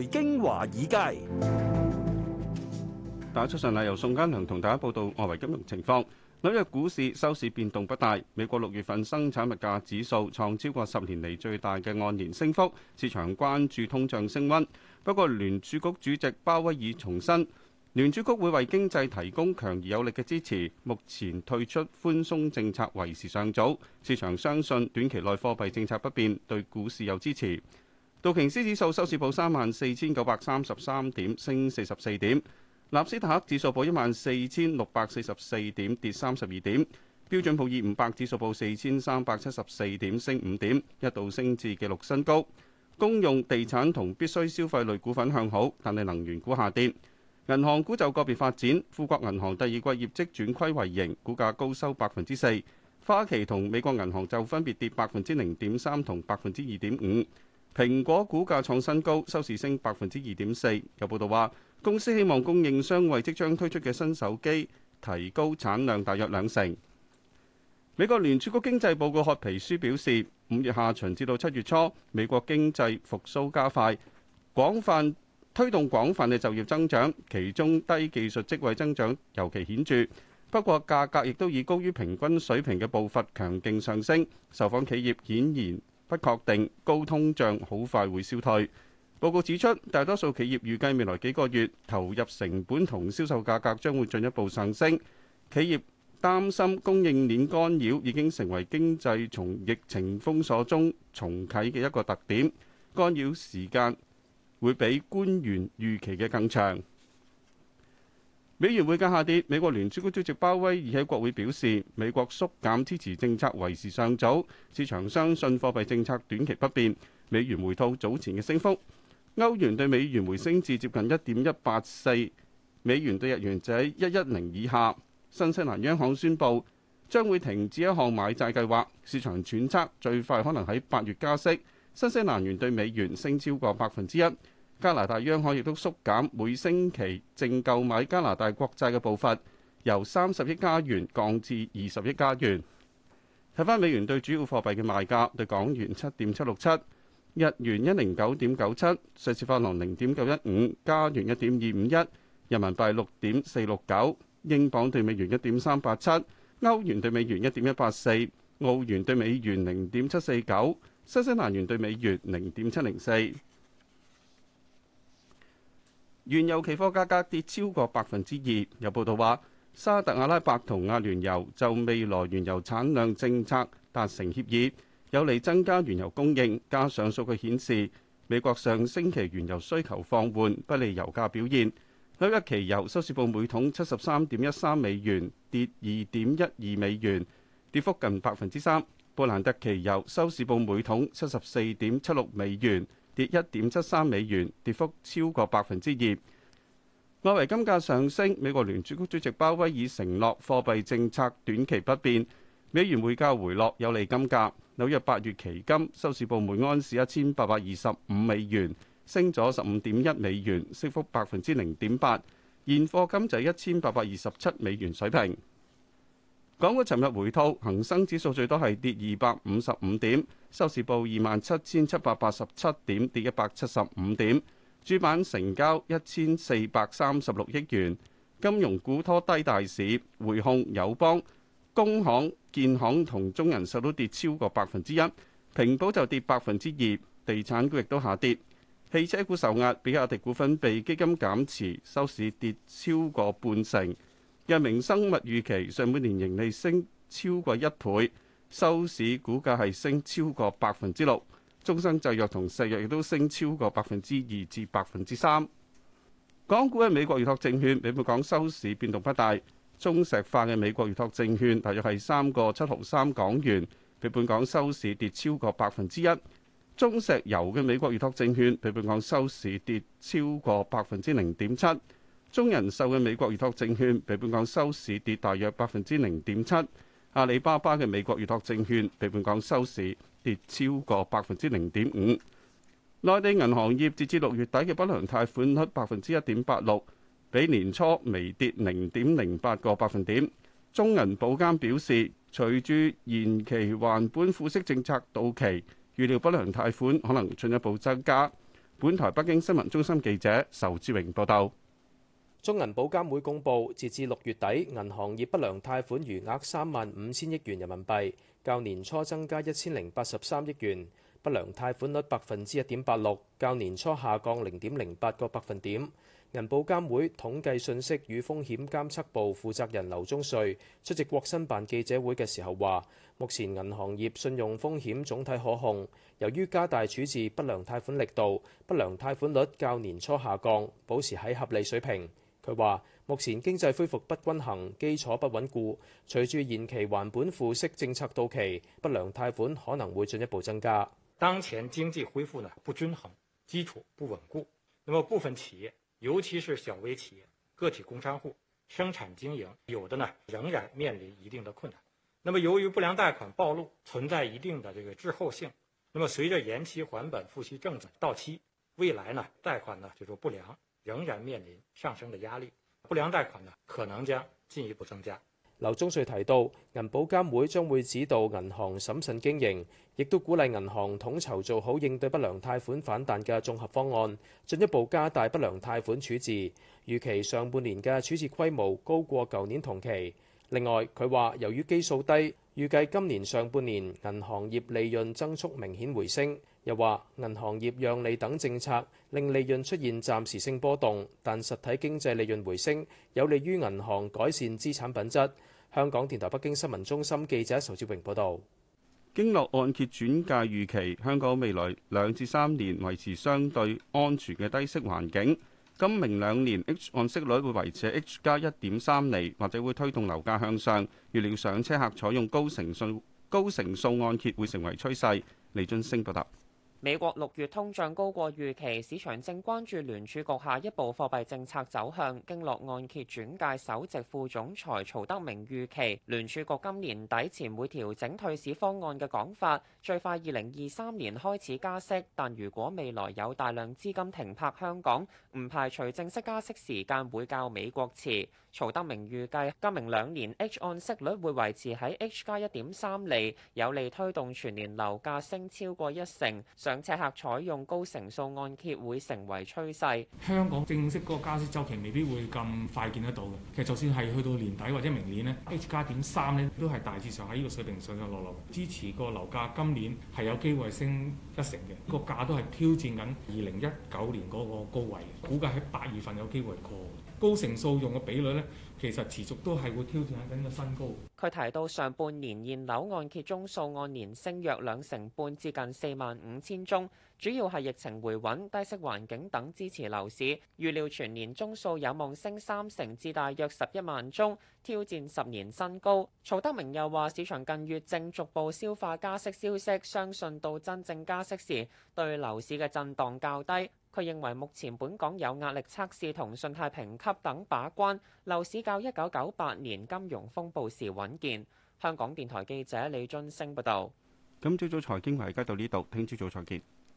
財經華爾街，大家早上好，由宋嘉良同大家報道外圍金融情況。紐約股市收市變動不大，美國六月份生產物價指數創超過十年嚟最大嘅按年升幅，市場關注通脹升溫。不過，聯儲局主席鮑威爾重申，聯儲局會為經濟提供強而有力嘅支持，目前退出寬鬆政策為時尚早。市場相信短期內貨幣政策不變，對股市有支持。道瓊斯指數收市報三萬四千九百三十三點，升四十四點；納斯塔克指數報一萬四千六百四十四點，跌三十二點；標準普爾五百指數報四千三百七十四點，升五點，一度升至紀錄新高。公用地產同必需消費類股份向好，但係能源股下跌。銀行股就個別發展，富國銀行第二季業績轉虧為盈，股價高收百分之四；花旗同美國銀行就分別跌百分之零點三同百分之二點五。蘋果股價創新高，收市升百分之二點四。有報導話，公司希望供應商為即將推出嘅新手機提高產量大約兩成。美國聯儲局經濟報告褐皮書表示，五月下旬至到七月初，美國經濟復甦加快，廣泛推動廣泛嘅就業增長，其中低技術職位增長尤其顯著。不過價格亦都以高於平均水平嘅步伐強勁上升，受訪企業顯然，不確定，高通脹好快會消退。報告指出，大多數企業預計未來幾個月投入成本同銷售價格將會進一步上升。企業擔心供應鏈干擾已經成為經濟從疫情封鎖中重啟嘅一個特點。干擾時間會比官員預期嘅更長。美元匯價下跌，美國聯儲局主席鮑威爾喺國會表示，美國縮減支持政策為時尚早。市場相信貨幣政策短期不變，美元回吐早前嘅升幅。歐元對美元回升至接近一點一八四，美元對日元就喺一一零以下。新西蘭央行宣布將會停止一項買債計劃，市場揣測最快可能喺八月加息。新西蘭元對美元升超過百分之一。加拿大央行亦都縮減每星期淨購買加拿大國債嘅步伐，由三十億加元降至二十億加元。睇返美元對主要貨幣嘅賣價：對港元七點七六七，日元一零九點九七，瑞士法郎零點九一五，加元一點二五一，人民幣六點四六九，英鎊對美元一點三八七，歐元對美元一點一八四，澳元對美元零點七四九，新西蘭元對美元零點七零四。原油期貨價格跌超過百分之二。有報道話，沙特阿拉伯同阿聯酋就未來原油產量政策達成協議，有利增加原油供應。加上數據顯示，美國上星期原油需求放緩，不利油價表現。紐約期油收市報每桶七十三點一三美元，跌二點一二美元跌，跌幅近百分之三。布蘭特期油收市報每桶七十四點七六美元。1> 跌一點七三美元，跌幅超過百分之二。外圍金價上升，美國聯儲局主席鮑威爾承諾貨幣政策短期不變，美元匯價回落，有利金價。紐約八月期金收市報每安士一千八百二十五美元，升咗十五點一美元，升幅百分之零點八。現貨金就一千八百二十七美元水平。港股尋日回吐，恒生指數最多係跌二百五十五點。收市報二萬七千七百八十七點，跌一百七十五點。主板成交一千四百三十六億元。金融股拖低大市，回控友邦、工行、建行同中人壽都跌超過百分之一。平保就跌百分之二。地產股亦都下跌。汽車股受壓，比亞迪股份被基金減持，收市跌超過半成。藥明生物預期上半年盈利升超過一倍。收市股價係升超過百分之六，中生製藥同石藥亦都升超過百分之二至百分之三。港股嘅美國預託證券，比本港收市變動不大。中石化嘅美國預託證券，大約係三個七毫三港元，比本港收市跌超過百分之一。中石油嘅美國預託證券，比本港收市跌超過百分之零點七。中人壽嘅美國預託證券，比本港收市跌大約百分之零點七。阿里巴巴嘅美國預託證券被本港收市跌超過百分之零點五。內地銀行業截至六月底嘅不良貸款率百分之一點八六，比年初微跌零點零八個百分點。中銀保監表示，隨住延期還本付息政策到期，預料不良貸款可能進一步增加。本台北京新聞中心記者仇志榮報道。中銀保監會公布，截至六月底，銀行業不良貸款餘額三萬五千億元人民幣，較年初增加一千零八十三億元。不良貸款率百分之一點八六，較年初下降零點零八個百分點。銀保監會統計信息與風險監測部負責人劉忠瑞出席國新辦記者會嘅時候話，目前銀行業信用風險總體可控，由於加大處置不良貸款力度，不良貸款率較年初下降，保持喺合理水平。佢話：目前經濟恢復不均衡，基礎不穩固。隨住延期還本付息政策到期，不良貸款可能會進一步增加。當前經濟恢復呢不均衡，基礎不穩固。那麼部分企業，尤其是小微企業、個體工商戶，生產經營有的呢仍然面臨一定的困難。那麼由於不良貸款暴露，存在一定的這個滯後性。那麼隨着延期還本付息政策到期，未來呢貸款呢就做不良。仍然面臨上升的壓力，不良貸款呢可能將進一步增加。劉宗瑞提到，銀保監會將會指導銀行審慎經營，亦都鼓勵銀行統籌做好應對不良貸款反彈嘅綜合方案，進一步加大不良貸款處置，預期上半年嘅處置規模高過舊年同期。另外，佢話由於基數低，預計今年上半年銀行業利潤增速明顯回升。又話銀行業讓利等政策令利潤出現暫時性波動，但實體經濟利潤回升有利於銀行改善資產品質。香港電台北京新聞中心記者仇志榮報道，經絡按揭轉介預期，香港未來兩至三年維持相對安全嘅低息環境。今明兩年 H 按息率會維持喺 H 加1.3厘，或者會推動樓價向上。預料上車客採用高成數高成數按揭會成為趨勢。李俊升報道。美國六月通脹高過預期，市場正關注聯儲局下一步貨幣政策走向。經絡按揭轉介首席副總裁曹德明預期，聯儲局今年底前會調整退市方案嘅講法，最快二零二三年開始加息。但如果未來有大量資金停泊香港，唔排除正式加息時間會較美國遲。曹德明預計今明兩年 H 按息率會維持喺 H 加一點三厘，有利推動全年樓價升超過一成。上車客採用高成數按揭會成為趨勢。香港正式嗰個加息週期未必會咁快見得到嘅。其實就算係去到年底或者明年呢 H 加點三呢都係大致上喺呢個水平上上落落，支持個樓價今年係有機會升一成嘅。呢個價都係挑戰緊二零一九年嗰個高位，估計喺八月份有機會過。高成數用嘅比率呢，其實持續都係會挑戰緊嘅新高。佢提到上半年現樓按揭宗數按年升約兩成半至近四萬五千宗，主要係疫情回穩、低息環境等支持樓市。預料全年宗數有望升三成至大約十一萬宗，挑戰十年新高。曹德明又話，市場近月正逐步消化加息消息，相信到真正加息時，對樓市嘅震盪較低。佢認為目前本港有壓力測試同信貸評級等把關，樓市較一九九八年金融風暴時穩健。香港電台記者李津升報導。今朝早財經華爾街到呢度，聽朝早再見。